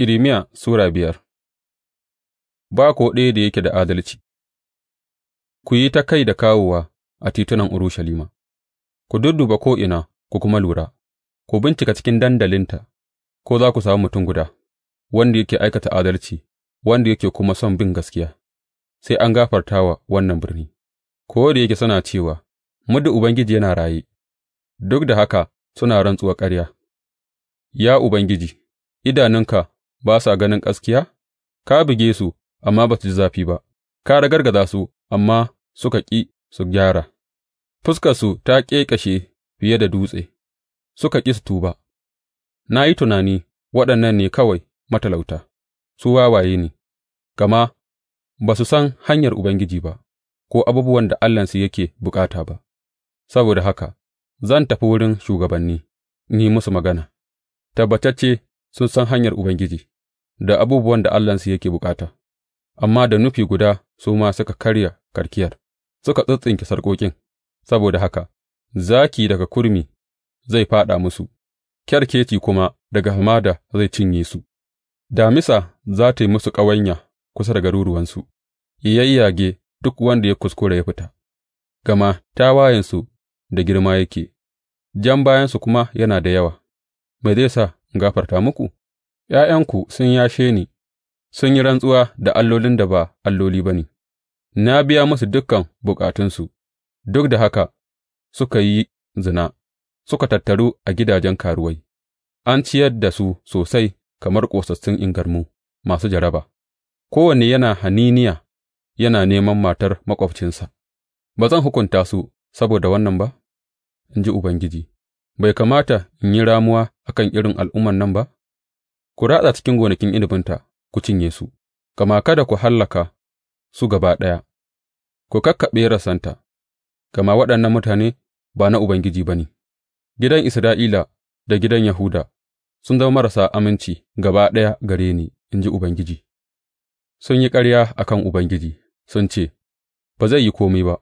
Irmiya Sura biyar Ba ko ɗaya da yake da adalci Ku yi ta kai da kawowa a titunan Urushalima, ku dudduba ko'ina ku kuma lura, ku bincika cikin dandalinta, ko za ku sami mutum guda, wanda yake aikata adalci, wanda yake kuma son bin gaskiya, sai an gafarta wa wannan birni, ko da yake suna cewa, Muddin Ubangiji yana raye, duk da haka suna rantsuwa ƙarya. Ya Ubangiji, idanunka ba sa ganin gaskiya? Ka buge su, amma ba su ji zafi ba, ka ragargaza su, amma suka ƙi su gyara, fuskarsu ta ƙeƙashe fiye da dutse, suka ƙi su tuba. Na yi tunani waɗannan ne kawai matalauta, su wawaye ne, gama ba su san hanyar Ubangiji ba, ko abubuwan da Allahnsu yake bukata ba, saboda haka zan tafi wurin shugabanni, Ni musu magana, tabbatacce sun san hanyar Ubangiji, da abubuwan da Allahnsu yake bukata, amma da nufi guda su ma suka karya karkiyar, suka tsintsinke sarƙoƙin, saboda haka zaki daga kurmi zai fāɗa musu, kyarkeci kuma daga hamada zai cinye su, damisa za ta yi musu ƙawanya kusa da garuruwansu, yayyage duk wanda ya kuskura ya fita, gama tawayensu da girma yake, jan bayansu kuma yana da yawa, mai zai sa in gafarta muku? ’Ya'yanku sun yashe ni sun yi rantsuwa da allolin da ba alloli ba ne; na biya musu dukan bukatunsu, duk da haka suka yi zina suka tattaru a gidajen karuwai; an ciyar da su sosai kamar ƙosassun ingarmu masu jaraba, kowanne yana haniniya yana neman matar maƙwabcinsa, ba zan hukunta su saboda wannan ba, in ji Ubangiji, bai kamata in yi ramuwa a kan irin al'umman nan ba? ku ratsa cikin gonakin inabinta ku cinye su, gama kada ku hallaka su gaba ɗaya, ku kakkaɓe rasanta. gama waɗannan mutane ba na Ubangiji ba ne, gidan Isra'ila da gidan Yahuda sun zama marasa aminci gaba ɗaya gare ni, in ji Ubangiji. Sun yi ƙarya a kan Ubangiji, sun ce, Ba zai yi komai ba,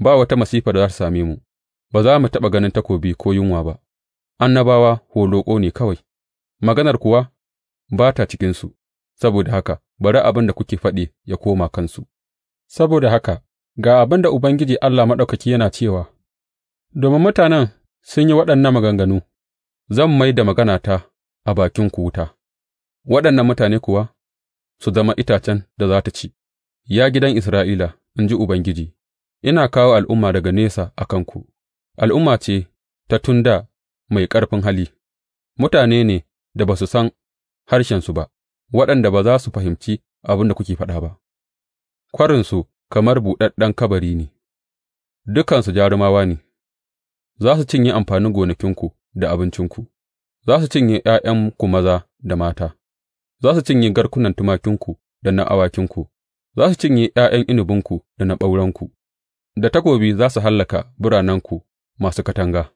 ba wata masifa da za ta same mu, ba za mu taɓa ganin takobi ko yunwa ba, annabawa holoƙo ne kawai, maganar kuwa ba ta cikinsu, saboda haka bari abin da kuke faɗi ya koma kansu, saboda haka ga abin da Ubangiji Allah Maɗaukaki yana cewa, Domin mutanen sun yi waɗannan maganganu, zan mai da maganata a bakin ku wuta, waɗannan mutane kuwa su zama itacen da za ta ci, ya gidan Isra'ila, in ji Ubangiji, ina kawo al'umma daga nesa a kanku, al'umma ce ta tunda mai ƙarfin hali, mutane ne da ba su san harshensu ba, waɗanda ba za su fahimci abin da kuke faɗa ba, kwarinsu kamar buɗaɗɗen kabari ne, dukansu jarumawa ne, za su cinye amfanin gonakinku da abincinku, za su cinye ’ya'yanku maza da mata, za su cinye garkunan tumakinku da na awakinku, za su cinye ’ya'yan inubinku da na ɓaurenku, da takobi za su hallaka biranenku masu katanga.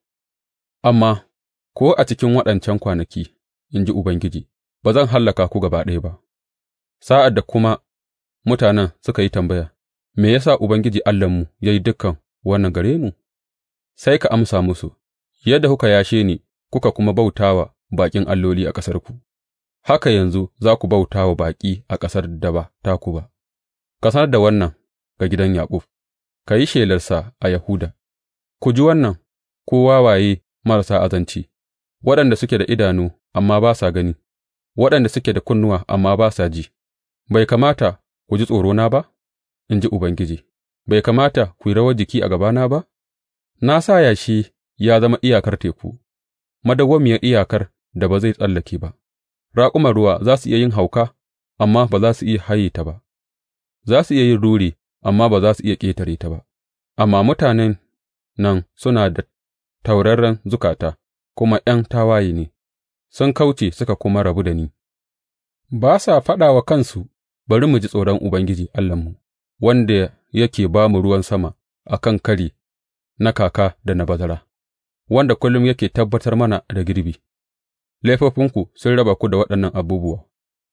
Amma ko a cikin waɗancan kwanaki, in ji Ubangiji, ba zan hallaka ku gaba ɗaya ba, sa'ad da kuma mutanen suka yi tambaya, Me ya sa Ubangiji Allahnmu ya yi dukan wannan gare mu? Sai ka amsa musu, Yadda kuka yashe ni kuka kuma bauta wa baƙin alloli a ƙasarku, haka yanzu za ku bauta wa baƙi a ƙasar da ba taku ba. Ka sanar da wannan ga gidan Yaƙub, ka yi shelarsa a Yahuda, ku ji wannan, ko wawaye marasa azanci, waɗanda suke da idanu amma ba sa gani. waɗanda suke da kunnuwa amma ba sa ji, bai kamata ku ji tsorona ba, in ji Ubangiji, bai kamata ku yi rawar jiki a gabana ba? Na sa yashi ya zama iyakar teku, madawwamiyar iyakar da ba zai tsallake ba, raƙuman ruwa za su iya yin hauka, amma ba za su iya haye ta ba, za su iya yin ruri, amma ba za su iya ƙetare ta ba, amma mutanen nan suna da tauraron zukata, kuma ’yan tawaye ne, sun kauce suka kuma rabu da ni. ba sa faɗa wa kansu, Bari mu ji tsoron Ubangiji Allahnmu, wanda yake ba mu ruwan sama a kan kari na kaka da na bazara, wanda kullum yake tabbatar mana da girbi. Laifofinku sun raba ku da waɗannan abubuwa,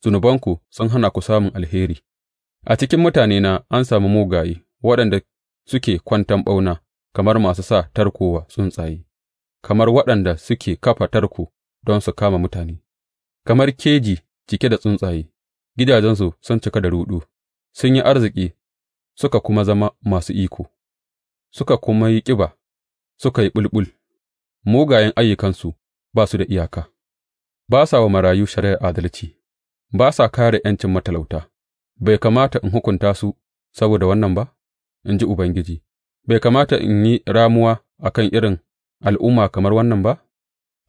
zunubanku sun hana ku samun alheri. A cikin mutanena an sami mugaye waɗanda suke kwantan ɓauna, kamar masu sa tarkowa tsuntsaye, kamar waɗanda suke kafa tarko don su kama mutane, kamar keji cike da tsuntsaye, gidajensu sun cika da ruɗu, sun yi arziki suka kuma zama masu iko, suka kuma yi ƙiba, suka yi ɓulɓul, mugayen ayyukansu ba su da iyaka, ba sa wa marayu shari'ar adalci, ba sa kare ’yancin matalauta, bai kamata in hukunta su saboda wannan ba, in ji Ubangiji, bai kamata in yi ramuwa a kan irin al'umma kamar wannan ba?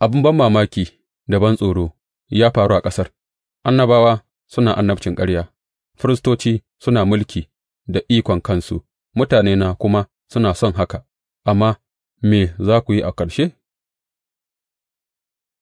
Abin ban mamaki da ban tsoro ya faru a ƙasar. annabawa suna annabcin ƙarya, firistoci suna mulki da ikon kansu, mutanena kuma suna son haka, amma me za ku yi a ƙarshe?